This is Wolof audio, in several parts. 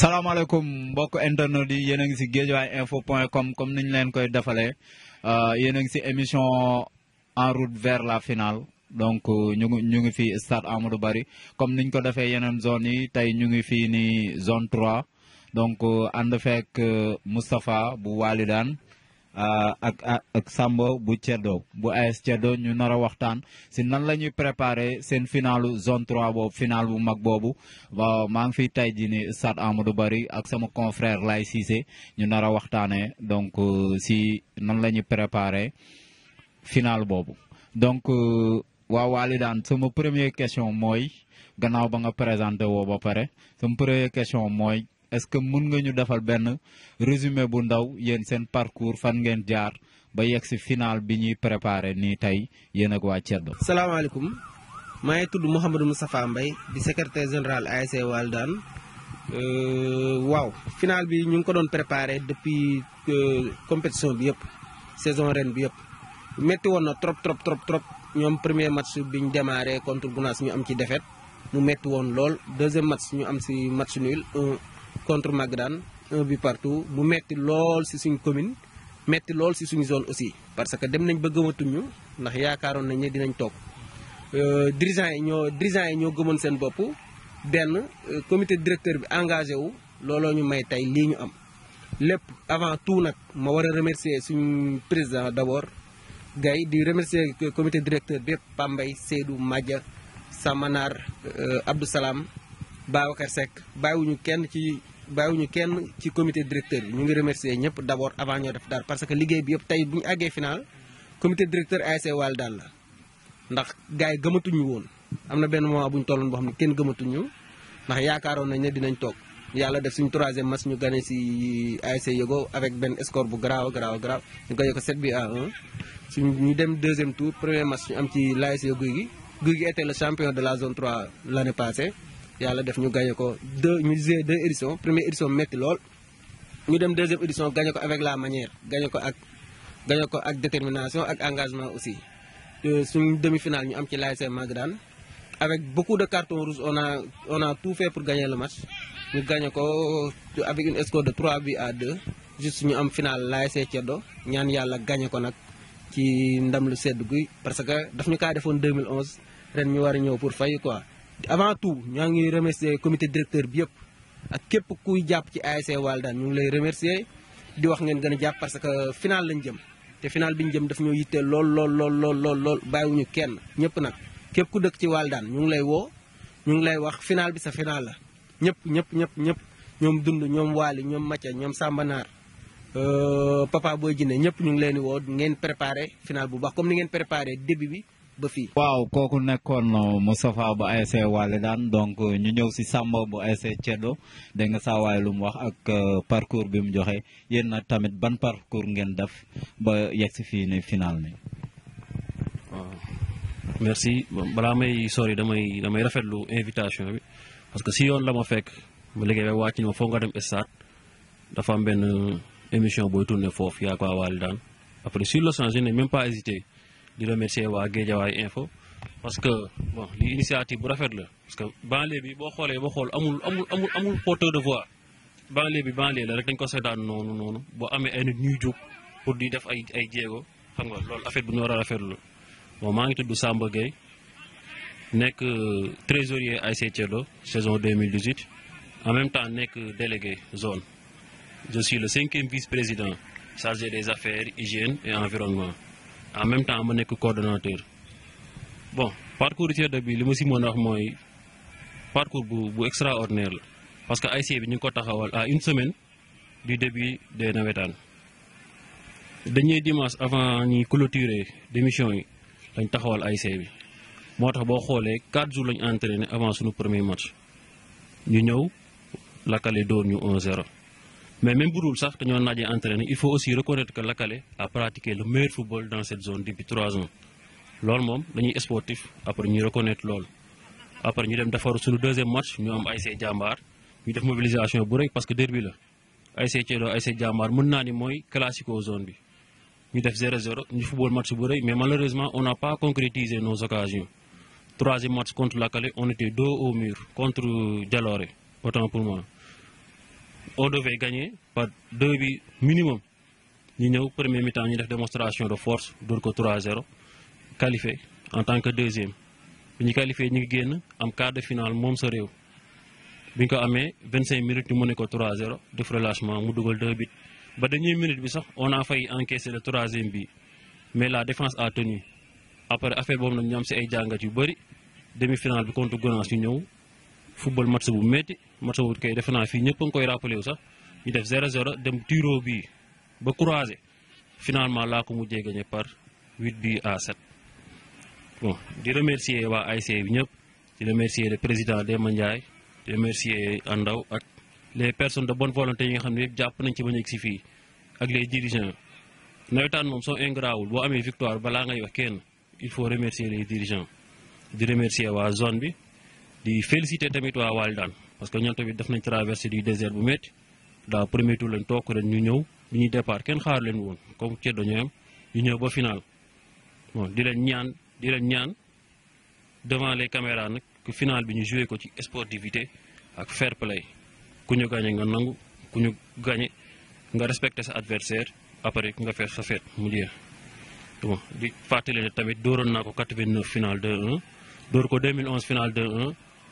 salaamaaleykum mbokk internet yi yéen a ngi si géejawaay info point com comme niñ leen koy defalee euh, yéen a ngi si émission en route vers la finale donc ñu ngi ñu ngi fii stade Amadou Barry comme niñ ko defee yeneen zone yi tey ñu ngi fii ni zone 3 donc ànd fekk euh, Moustapha bu Walidane Euh, ak ak Samba bu Ceddo bu AS Ceddo ñu nar a waxtaan si nan la ñuy préparer seen finalu zone 3 boobu final bu mag boobu waaw maa ngi fiy tey jii ni Stade du Barry ak sama confrère Laye Cissé ñu nar a waxtaanee donc euh, si nan la ñuy préparer final boobu. donc euh, waaw daan sama premier question mooy gannaaw ba nga présenté woo ba pare sama première question mooy. est-ce que mun nga ñu defal benn résumé bu ndaw yéen seen parcours fan ngeen jaar ba yegg si final bi ñuy préparé nii tey yéen ak waa Ceddo. salaamaaleykum maa ngi tudd Mouhamadou Moustapha mbay di secrétaire général ASC Walidane euh, waaw final bi ñu ngi ko doon préparé depuis euh, compétition bi yëpp saison ren bi yëpp metti woon na trop trop trop trop ñoom premier match bi ñu démarré contre Gounass ñu am ci defeet mu metti woon lool deuxième match ñu am si match nul contre Maguedane un bi partout mu metti lool si suñ commune metti lool si suñu zone aussi parce que dem nañ ba gëmatuñu ndax yaakaaroon nañ ne dinañ toog euh, dirigeants yi ñoo dirigeants yi ñoo gëmoon seen bopp benn euh, comité directeur bi engagé wu looloo ñu may tey lii ñu am lépp avant tout nag ma war a remercier suñ président d'abord Gaye di remercier comité directeur bi yëpp Pambay Seydou Madja Samanar euh, Abdou Salam Babacar Seck kenn ci bàyyiwuñu kenn ci comité directeur ñu ngi remercier ñëpp d'abord avant ñu def dar parce que liguey bi yëpp tay buñu aggé final comité directeur AC Wal dal la ndax gaay gëmatu ñu woon amna na benn moment buñu ñu bo xamni kenn gëmatu ñu ndax yaakaaroon nañ ne dinañ tok yalla def suñu 3e match ñu gané ci AC Yego avec ben score bu grave grave grave ñu gagné ko 7 bi à 1 ci ñu dem 2e tour premier match ñu am ci l'AC Yego gi Gui était le champion de la zone 3 l'année passée Nous def ñu gagné ko deux ñu La deux éditions première édition métti lool ñu dem deuxième édition gagné ko avec la manière gagné ko ak gagné ko ak détermination ak engagement aussi euh, suñu demi-finale ñu am ci Magadan avec beaucoup de cartons rouges on a on a tout fait pour gagner le match ñu gagné ko avec une score de 3 buts à 2 juste ñu am finale nous avons ñaan yalla gagné ko nak ci ndam lu guy parce que daf ñu ka en 2011 ren avons gagné ñëw pour fay quoi avant tout ñaa ngi remercier comité directeur bi yëpp ak képp kuy jàpp ci ASC Walidane ñu ngi lay remercier di wax ngeen gën a jàpp parce que final lañ jëm te final bi ñu jëm daf ñoo yittee lool lool lool lool lool lool bàyyiwuñu kenn ñëpp nag képp ku dëkk ci Walidane ñu ngi lay woo ñu ngi lay wax final bi sa final la ñëpp ñëpp ñëpp ñëpp ñoom dund ñoom waali ñoom Mathia ñoom Sambanaar euh, Papa Boy Djiné ñëpp ñu ngi leen di woo ngeen préparé final bu baax comme ni ngeen préparé début bi ba waaw kooku nekkoon uh, Moustapha bu ASC Walidane donc uh, ñu ñëw si Samba bu ASC Ceddo dégg nga saa lu mu wax ak uh, parcours bi mu joxe yéen nag tamit ban parcours ngeen def ba yegg si fii ni final ni merci balaa may sori damay damay rafetlu invitation bi parce que si yoon la fekk mu liggéey ba wàcc ma foog nga dem stade dafa am benn émission booy tourné foofu yaa ko Walidane après sur le change je n'ai pas hésité di remercier waa Guédiawaye info parce que bon l'initiative bu rafet la parce que banlé bi bo xolé bo xol amul amul amul amul porteur de voix banlé bi banlé la rek dañ ko seetaan noonu noonu bo amé ay nit ñuy jóg pour di def ay ay djégo xam nga loolu affaire bu ñu wara rafet rafetlu bon ma ngi tudd Samba Gueye nek euh, trésorier ASC Ceddo saison 2018 en même temps nek délégué zone je suis le cinquième vice-président chargé des affaires hygiène et environnement en même temps ma nekk coordonnateur bon parcours CRD bi li ma si mën a wax mooy parcours bu bu extraordinaire la parce que ASC bi ñu ngi ko taxawal à une semaine du début na nawetaan dañuy dimanche avant ñuy clôturer démission yi dañ taxawal ASC bi moo tax boo xoolee quatre jours lañu entraîné avant suñu premier match ñu ñëw lakkale door ñu 1-0 Mais même pour que nous avons entraîné, il faut aussi reconnaître que la Calais a pratiqué le meilleur football dans cette zone depuis trois ans. Lors mom, nous sommes sportifs, après nous reconnaître l'ol. Après nous avons fait sur le deuxième match, nous avons essayé Djambar, nous avons mobilisation parce que derby là. Essayé Tchédo, essayé Djambar, nous avons classique aux zones. Nous avons fait 0-0, nous football match mais malheureusement, on n'a pas concrétisé nos occasions. Troisième match contre la Calais, on était dos au mur, contre Djalore, autant pour moi on devait gagner par deux buts minimum. Nous avons premier mi-temps, une démonstration de force, d'autre que 3-0, qualifié en tant que deuxième. Nous avons qualifié, nous avons en quart de finale, nous avons gagné. Nous ko gagné 25 minutes nous avons gagné 3-0 def relâchement mu dugal 2 buts ba dernière minute bi sax on a failli encaisser le troisième but mais la défense a tenu après affaire avons nag ñu am si ay demi-finale contre Gonan yu football match bu match wut kay defe naa fii ñëpp a koy rappelé wu sax ñu def 0-0 dem tiro bii ba croisé finalement laa ko mujjee gagné par 8 bi à 7. bon di remercier waa ASC bi ñëpp di remercier le président Demba Ndiaye di remercier Andaw ak les personnes de bonne volonté yi nga xam ne yëpp jàpp nañ ci ba ñu egg fii ak les dirigeants nawetaan moom soo ingrawul boo amee victoire balaa ngay wax kenn il faut remercier les dirigeants di remercier waa zone bi di féliciter tamit waa Walidane parce que ñoom bi def nañ traverser du désert bu metti daaw premier tour lañ tok rek ñu ñëw bi ñuy départ kenn xaar leen woon comme ci dañu am ñu ñëw ba final bon di leen ñaan di leen ñaan devant les caméras nak que final bi ñu jouer ko ci sportivité ak fair play ku ñu gagné nga nangu ku ñu gagné nga respecter sa adversaire après nga faire sa fête, mu jeex bon di fàttali ne tamit dooroon nako 89 final 2-1 door ko 2011 final 2-1.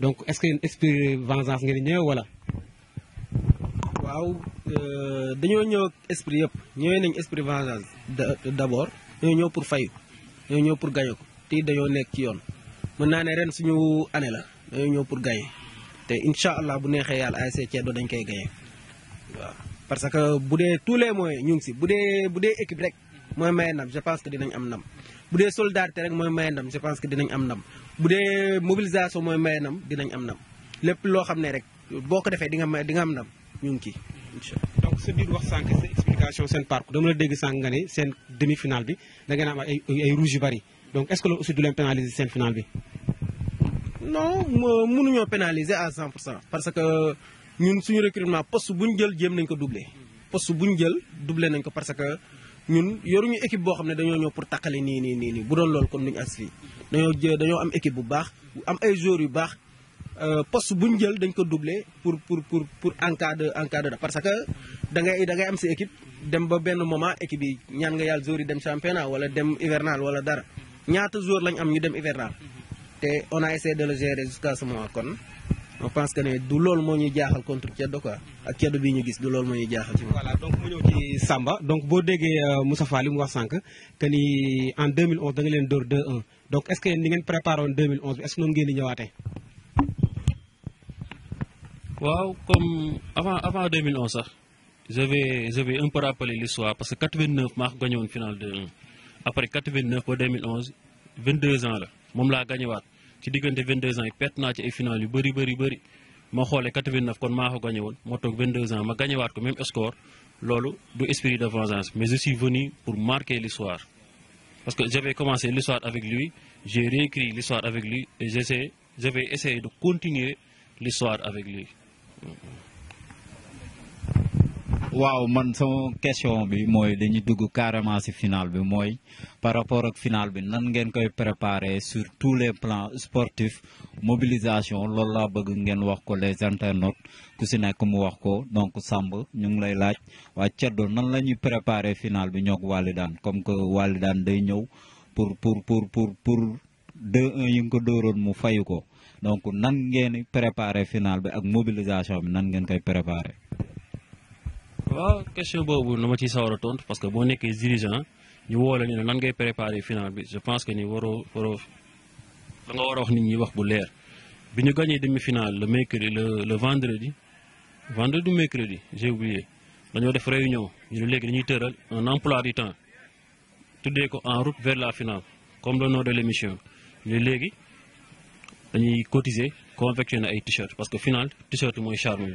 donc est ce que euh, esprit vengeance ngeen ñëw wala waaw dañoo ñëw esprit yëpp ñëw nañ esprit vengeance d'abord abord ñëw pour fay ñoo ñëw pour gañe ko te dañoo nekk ci yoon mëna né ren suñu année la dañoo ñëw pour gañe te incha allah bu neexee yàlla ASC do dañ koy gañe waaw parce que boudé tous les moyens ñu ngi ci boudé boudé équipe rek moy maye nam je pense que dinañ am nam bu dee solidarité rek mooy maye ndam je pense que dinañ am ndam bu dee mobilisation mooy maye ndam dinañ am ndam lépp loo xam ne rek boo ko defee di nga may di nga am ndam ñu ngi kii incha allah donc sa biir wax sànq sa explication seen parcours dama la dégg sànq nga ne seen demi finale bi da ngeen am ay ay yu bari donc est ce aussi du leen pénaliser seen finale bi. non mënuñoo pénaliser à 100 pour cent parce que ñun suñu recrutement post bu ñu jël jéem nañ ko doubler. nañ ko parce ñun yoruñu équipe boo xam ne dañoo ñëw pour taqale nii nii nii nii bu doon lool kon duñu as si dañoo dañoo am équipe bu baax am ay joueurs yu baax euh, poste bu jël dañ ko doublé pour pour pour pour en cas de en parce que da ngay da ngay am si équipe dem ba benn moment équipe yi ñaan nga yàlla joueurs yi dem championnat wala dem hivernal wala dara ñaata joueurs lañ am ñu dem hivernal te on a essayé de le gérer jusqu'à ce kon on pense que ne du loolu moo ñuy contre ceddo Et ak ceddo bi ñu gis du loolu moo ñuy jaaxal voilà donc mu ñëw ci Samba donc boo déggee euh, Moustapha li mu wax avez que ni en 2011 da nga leen 2-1 donc est ce que ni ngeen en 2011 est ce que vous ngeen di ñëwaatee. Wow comme avant avant 2011 j'avais un peu rappelé l'histoire parce que 89 maa gagné une finale de 1 après 89 pour 2011 22 ans la moom l'a gagné ci diggante 22 ans yi perte ci ay final yu bëri bëri bëri ma xolé 89 kon m'a ko gagné woon moo toog 22 ans ma gagné wat ko même score loolu du esprit de vengeance mais je suis venu pour marquer l'histoire parce que j'avais commencé l'histoire avec lui j'ai réécrit l'histoire avec lui et j'essaie j'avais essayé essayer de continuer l'histoire avec lui. Mm-hmm. waaw man so question bi mooy dañuy dugg carrément ci final bi mooy par rapport ak final bi nan ngeen koy préparer sur tous les plans sportifs mobilisation loolu laa bëgg ngeen wax ko les internautes ku ci nekk mu wax ko donc Samb ñu ngi lay laaj waa Ceddo nan la ñuy préparer final bi ñoog daan comme que daan day ñëw pour pour pour pour pour 2-1 yi nga ko dóoroon mu fayu ko donc nan ngeen préparer final bi ak mobilisation bi nan ngeen koy préparer. waaw question boobu na ma ciy sawar a tontu parce que boo nekkee dirigeant ñu woo la ni lan ngay préparer final bi je pense que ni waroo waroo da nga war wax nit ñi wax bu leer bi ñu gagné demi finale le mercredi le le vendredi vendredi ou mercredi j'ai oublié dañoo def réunion ñu ne léegi dañuy tëral un emploi du temps tuddee ko en route vers la finale comme le nom de l'émission ñu léegi dañuy cotiser confectionner ay t-shirt parce que final t-shirt mooy charme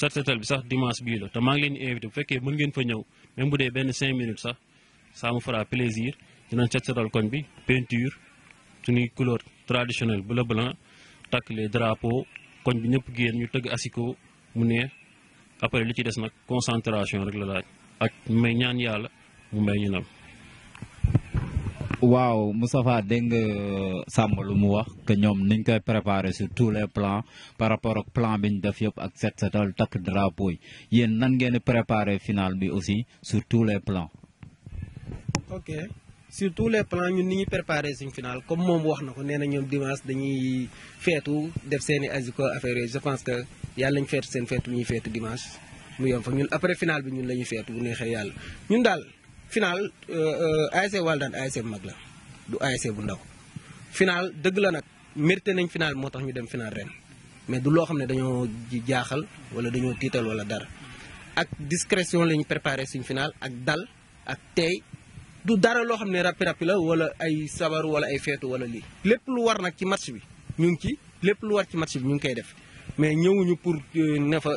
set setal bi sax dimanche bii la te maa ngi leen di invité bu fekkee mën ngeen fa ñëw même bu dee benn cinq minutes sax ça me fera plaisir dinañ set setal koñ bi peinture suñuy couleur traditionnelle bleu blanc takk les drapeaux koñ bi ñëpp génn ñu tëgg asiko mu neex après li ci des nag concentration rek la laaj ak may ñaan yàlla mu mbay ñu nam waaw Moustapha dégg nga euh, Samba lu mu wax que ñoom niñ koy préparé sur tous les plans par rapport ak plan bi ñu def yëpp ak set setal takk drapeau yi yéen nan ngeen di final bi aussi sur tous les plans. ok sur tous les plans ñun ni ñuy préparé suñ final comme moom wax na ko nee na ñoom dimanche dañuy feetu def seen i asiko affaire yooyu je pense que yàlla ñu feetu seen feetu bu ñuy feetu dimanche mu yom fa ñun après final bi ñun la ñuy feetu bu neexee yàlla final euh, euh, ASC Walidane ASC bu mag la du ASC bu ndaw final dëgg la nag mérité nañ final moo tax ñu dem final ren mais du loo xam ne dañoo jaaxal wala dañoo tiital wala dara ak discrétion lañ préparé suñ final ak dal ak teey du dara loo xam ne rappi rappi la wala ay sabaru wala ay feetu wala lii lépp lu war nag ci match bi ñu ngi ci lépp lu war ci match bi ñu ngi koy def mais ñëwuñu pour euh, ne fa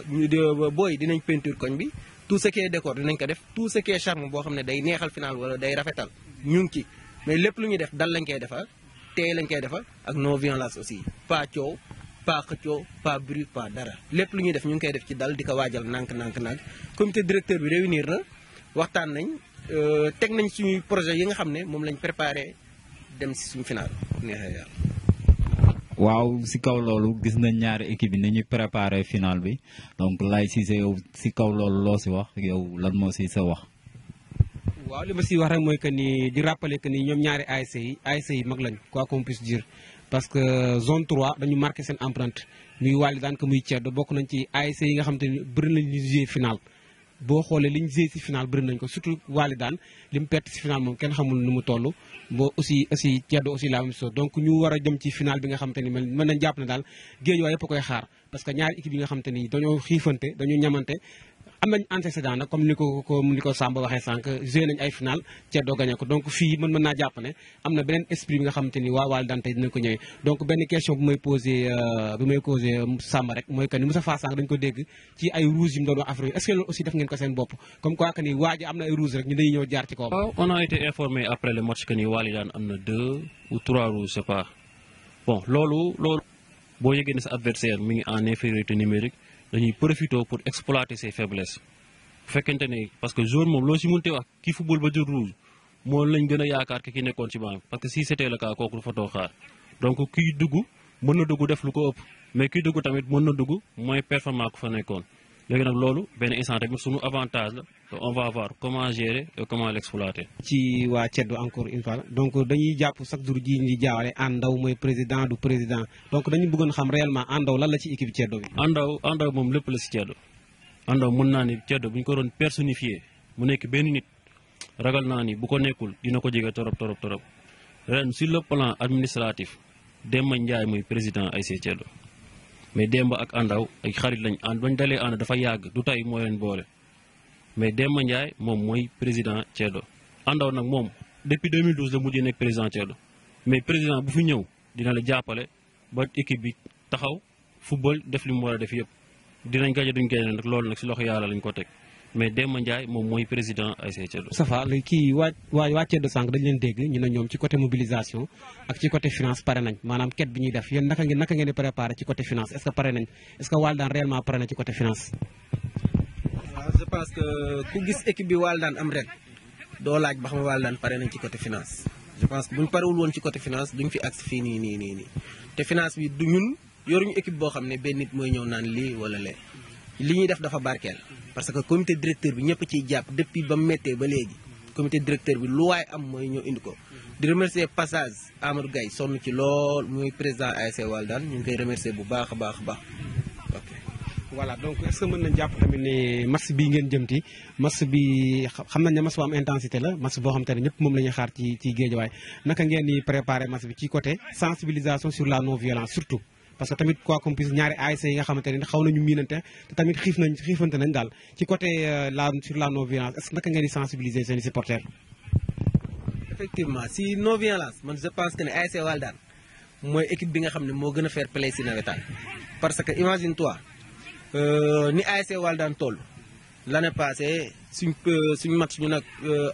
booy dinañ peinture koñ bi tout ce qui est décor dinañ ko def tout ce qui est charme bo xamné day neexal final wala day rafetal ñun ngi ci mais lepp lu ñuy def dal lañ koy defar tey lañ koy defar ak no violence aussi pas coow pas xëccoo pas bruit pas dara lepp lu ñuy def ñu ngi koy def ci dal diko wajal nank nank nak comité directeur bi réunir na waxtaan nañ euh tek nañ suñu projet yi nga xamné mom lañ préparer dem ci suñu final neexal yàlla waaw si kaw loolu gis nañ ñaari équipe yi ni ñuy préparer final bi donc Laye Cissé yow si kaw loolu loo si wax yow lan moo si sa wax. waaw li ma siy wax rek mooy que nii di rappeler que ni ñoom ñaari ASC yi ASC yi mag lañ quoi qu'on puisse dire parce que zone 3 dañu marqué seen empreinte muy wàlli daan ko muy Ceddo bokk nañ ci ASC yi nga xam te ni bëri nañ ñu jouer boo xoolee li ñu jiyee si final bëri ko surtout waali daan li mu perte si final moom kenn xamul nu mu toll boo aussi aussi ceddo aussi la même chose donc ñu war a jëm ci final bi nga xam te ni mën nañ jàpp ne daal géej waa yëpp koy xaar parce que ñaari équipe yi nga xam te ni dañoo xiifante dañu ñamante am nañ antécédent comme ni ko comme ni ko Samba waxee sànq joué nañ ay final Ceddo gagné ko donc fii mën na beneen ni waa Wally Dantec dinañ ko ñëwee euh, euh, mooy que ni ko dégg ci ay rouge yi mu doon wax affaire est-ce que loolu aussi def ngeen ko rek ñu dañuy ñëw jaar ci kaw on a été informé après le match que ni Wally daan am na deux ou trois rouges c'est pas bon loolu loolu boo yëgee ne sa adversaire mi ngi en infériorité numérique dañuy profitoo pour exploiter ses faiblesses bu fekkente ne parce que jaune moom loo si mënti wax ki football ba jël rouge moom lañ gën a yaakaar ki nekkoon ci banque parce que si c'était le cas kooku du fa toog xaar donc kiy dugg mën na dugg def lu ko ëpp mais kiy dugg tamit mën na dugg mooy performant ku fa nekkoon. léegi nag loolu benn instant tamit suñu avantage la on va voir comment gérer et comment l'exploiter. ci waa CEDDU encore une fois donc dañuy jàpp chaque jour ji ñu jaawale àndaw mooy président du président donc dañu bëggoon xam réellement àndaw lan la ci équipe CEDDU bi. àndaw àndaw moom lépp la si CEDDU àndaw mën naa ni CEDDU bu ñu ko doon personnifier mu nekk benn nit ragal naa ni bu ko nekkul dina ko jege torop torop torop ren sur le plan administratif Demba Ndiaye mooy président ASC CEDDU. mais Demba ak Andaw ay xarit lañ ànd bañ dalee ànd dafa yàgg du tey moo leen boole mais Demba Ndiaye moom mooy président Ceddo Andaw nag moom depuis 2012 la mujjee nekk président Ceddo mais président bu fi ñëw dina la jàppale ba équipe bi taxaw fu football def li mu def yëpp dinañ gaje duñ gaje nag loolu nag si loxo yàlla lañ ko teg. mais Demba Ndiaye moom mooy président ASC Ceddo. Safa léegi kii waa waa waa Ceddo sànq dañu leen dégg ñu ne ñoom ci côté mobilisation ak ci côté finance pare nañ maanaam ket bi ñuy def yéen naka ngeen naka ngeen di préparé ci côté finance est ce que pare nañ est ce que Waldaan réellement pare waaw ah, je que ku gis équipe bi Waldaan am ren doo laaj ba xam Waldaan pare nañ ci côté finance. je pense que bu ñu parewul woon ci côté finance duñ fi agsi fii nii nii nii nii te finance bi du ñun yoruñu équipe boo xam ne benn nit mooy ñëw naan lii wala lee. li ñuy def dafa barkeel parce que comité directeur bi ñëpp ciy jàpp depuis ba mu méttee ba léegi comité directeur bi lu waay am mooy ñëw indi ko di remercier passage Amadou gay sonn ci lool muy président ASC Walidane ñu ngi koy remercier bu baax a baax baax voilà donc est-ce que mën na jàpp tamit ne match bii ngeen jëmti match bi xam na ne match bu am intensité la match boo xam te ne ñëpp moom la ñuy xaar ci ci géejawaay naka ngeen di préparer match bi ci côté sensibilisation sur la non surtout parce que tamit quoi qu'on puisse ñaari ASC yi nga xamante ne xaw nañu miinante te tamit xiif nañ xiifante nañ daal ci côté euh, la sur la est-ce que naka ngeen ni sensibiliser seen i supporters. effectivement si non violence man je pense que ne ASC Walidane mooy équipe bi nga xam ne moo gën a fair play si nawetaan parce que imagine toi euh, ni ASC Walidane toll l'année passée suñ euh, suñ match ñu nag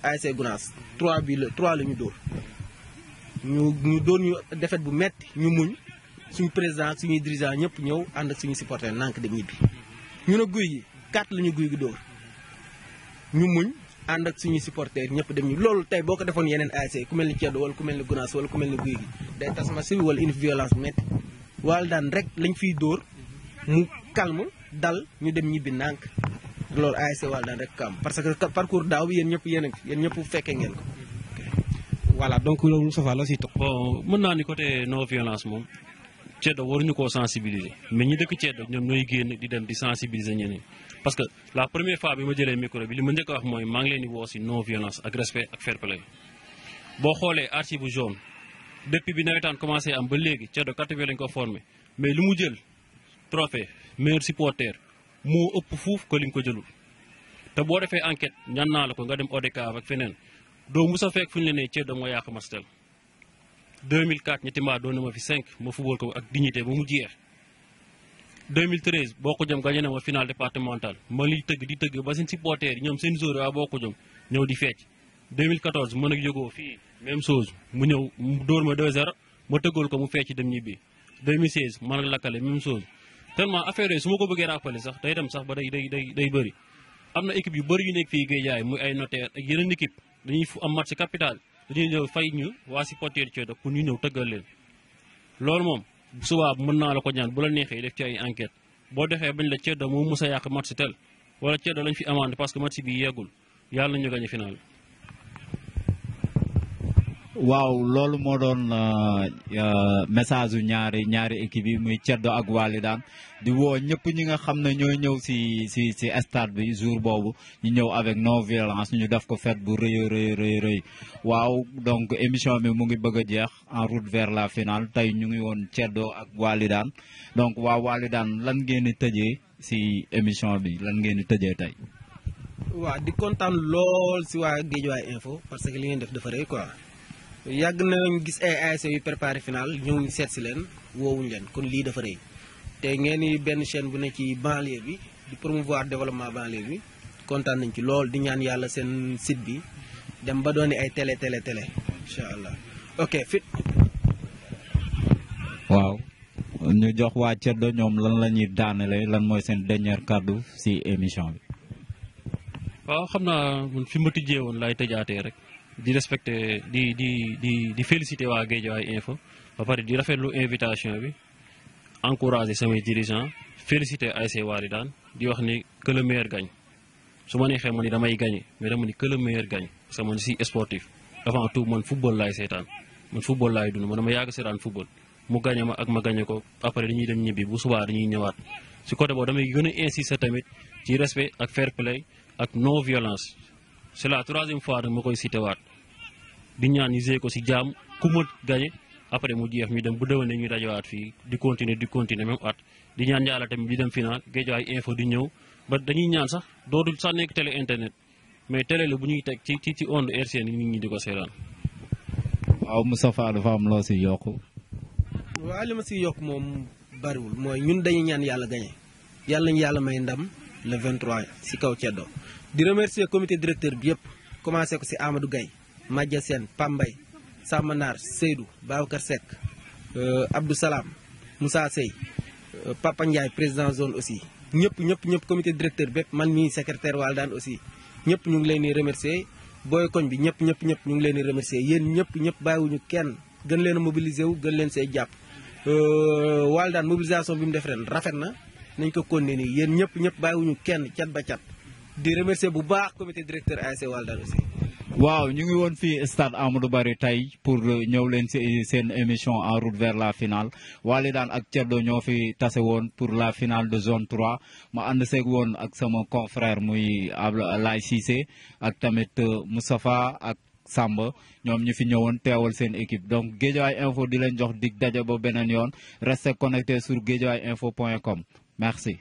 ASC Gounass trois bi la 3 la ñu dóor ñu ñu doon ñu defet bu metti ñu muñ. suñu président suñu dirigeant ñep ñew and ak suñu supporter nank dem ñibi ñu na guuy gi quatre la ñu guy ñu muñ and ak suñu supporter ñep dem ñu lolou tay boko ko yenen AC ku melni ni Ceddo wala ku melni ni Gunaas wala ku melni guuy gi day tas civil wala une violence met wal dan rek lañ fi door mu calme dal ñu dem ñibi nank lolou AC wal dan rek kam parce que parcours daw yeen ñep yeen ak yeen ñep fekke ngeen ko wala donc lolou Moustapha la ci toog bon meuna ni côté non violence mom ceddo ñu ko sensibiliser mais ñi dëkk ceddo ñom noy gën di dem di sensibiliser ñene parce que la première fois bi ma jëlé micro bi li ma njëkk wax moy ma ngi leen di woo si non violence ak respect ak fair play bo xolé archive jaune depuis bi nawetaan commencé am ba légui ceddo catégorie lañ ko formé mais lu mu jël trophée meilleur supporter mo ëpp fouf ko li ko jëlul te bo défé enquête ñan na la ko nga dem ODK ak fenen do musa fek fuñu ñu la nee ceddo moo Mastel 2004 ñetti mbaa doon na ma fi 5 ma football ko ak dignité ba mu jeex 2013 bokku jom gagné na ma final départemental ma liy tëgg di tëgg ba seen supporters ñoom seen joueur waa bokku jom ñëw di fecc 2014 mën ak jógoo fii même chose mu ñëw dóor ma 2-0 ma tëggal ko mu fecc dem ñibbi 2016 mën ak lakkale même chose tellement affaire yooyu su ma ko bëggee rappelé sax day dem sax ba day day day day bëri am na équipe yu bëri yu nekk fii Guédiawaye muy ay notaire ak am match capital dañuy ñëw fay ñu waa supporter Thiodog pour ñu ñëw tëggal leen loolu moom subaa mën naa la ko ñaan bu la neexee def ci ay enquête boo defee bañ la Thiodog moo mus a yàq match tel wala Thiodog lañ fi amande parce que match bi yeggul yàlla ñu gañe final waaw loolu moo doon euh, euh, message yu ñaari ñaari équipe yi muy Ceddo ak Walidaan di woo ñëpp ñi nga xam ne ñooy ñëw si si si stade bi jour boobu ñu ñëw avec non violence ñu def ko fête bu rëy rëy rëy waaw donc émission bi mu ngi bëgg a jeex en route vers la finale tey ñu ngi woon Ceddo ak Walidaan donc waaw daan lan ngeen di tëjee si émission bi lan ngeen di tëjee tey. waaw di kontaan lool si waa Guédiawaye info parce que li ngeen def dafa rëy quoi. na nañ gis ay ASC yu préparer final ñu seet si leen woowuñ kon li dafa rëy te ngeen ni benn chaîne bu ne ci banlieue bi di promouvoir développement banlieue bi kontaan nañ ci lool di ñaan yalla sen site bi dem ba doon ay télé télé télé inshallah ok fit wow ñu jox waa Ceddo ñom lan lañuy ñuy lan moy sen dernier cadeau si émission bi wa xamna mun fi ma tijjee won lay rek di respecté di di di di félicité waa Guédiawaye info ba pare di rafetlu invitation bi encouragé samay dirigeants félicité ASC Walidane di wax ni que le meilleur gagne su ma neexee ma ni damay gagné mais dama ni que le meilleur gagne parce que man si sportif avant tout man football laay seetaan man football laay dund man dama yàgg seeraan football mu gagné ma ak ma gagné ko après ñuy dem ñibbi bu subaa dañuy ñëwaat si côté boobu damay gën a insister tamit ci respect ak fair play c'est la troisième fois nag ma koy cité waat di ñaan ñu ko si jàmm ku ma gañe après mu jeex mi dem bu déwénee ñu dajawaat fii di continuer di continuer même at di ñaan yàlla tamit di dem final Guédiawaye info di ñëw ba dañuy ñaan sax dootul sax nekk télé internet mais télé la bu ñuy teg ci ci ci onde RCN nit ñi di ko seetaan. waaw Moustapha dafa am loo si yokk. waaw li ma si yokk moom bariwul mooy ñun dañu ñaan yàlla gañe yàlla ñu yàlla may ndam. le 23 ci kaw ceddo di remercier comité directeur bi yépp commencé ko ci amadou gay madja sen pambay samanar seydou babakar sek euh, abdou salam moussa sey euh, papa ndjay président zone aussi ñëpp ñëpp ñëpp comité directeur bép man mi secrétaire waldaan aussi ñëpp ñu ngi leen remercier boy koñ bi ñëpp ñëpp ñëpp ñu ngi leen di remercier yéen ñëpp ñëpp ñu kenn gën leen a mobiliser wu gën leen sey japp euh, waldaan mobilisation bi mu def ren rafet na nañ ko continuer nii yéen ñëpp ñëpp bàyyiwuñu kenn cat ba cat di remercier bu baax comité directeur ASC Walidane aussi. waaw ñu ngi woon fii stade Amadou Barry tey pour ñëw leen si seen émission en route vers la finale daan ak Ceddo ñoo fi tase woon pour la finale de zone 3 ma ànd seeg woon ak sama confrère muy Ablaye Cissé ak tamit euh, Moustapha ak Samba ñoom ñu fi ñëwoon teewal seen équipe donc Guédiawaye info di leen jox dig daje ba beneen yoon restez connecté sur guédiawayeinfo.com Merci.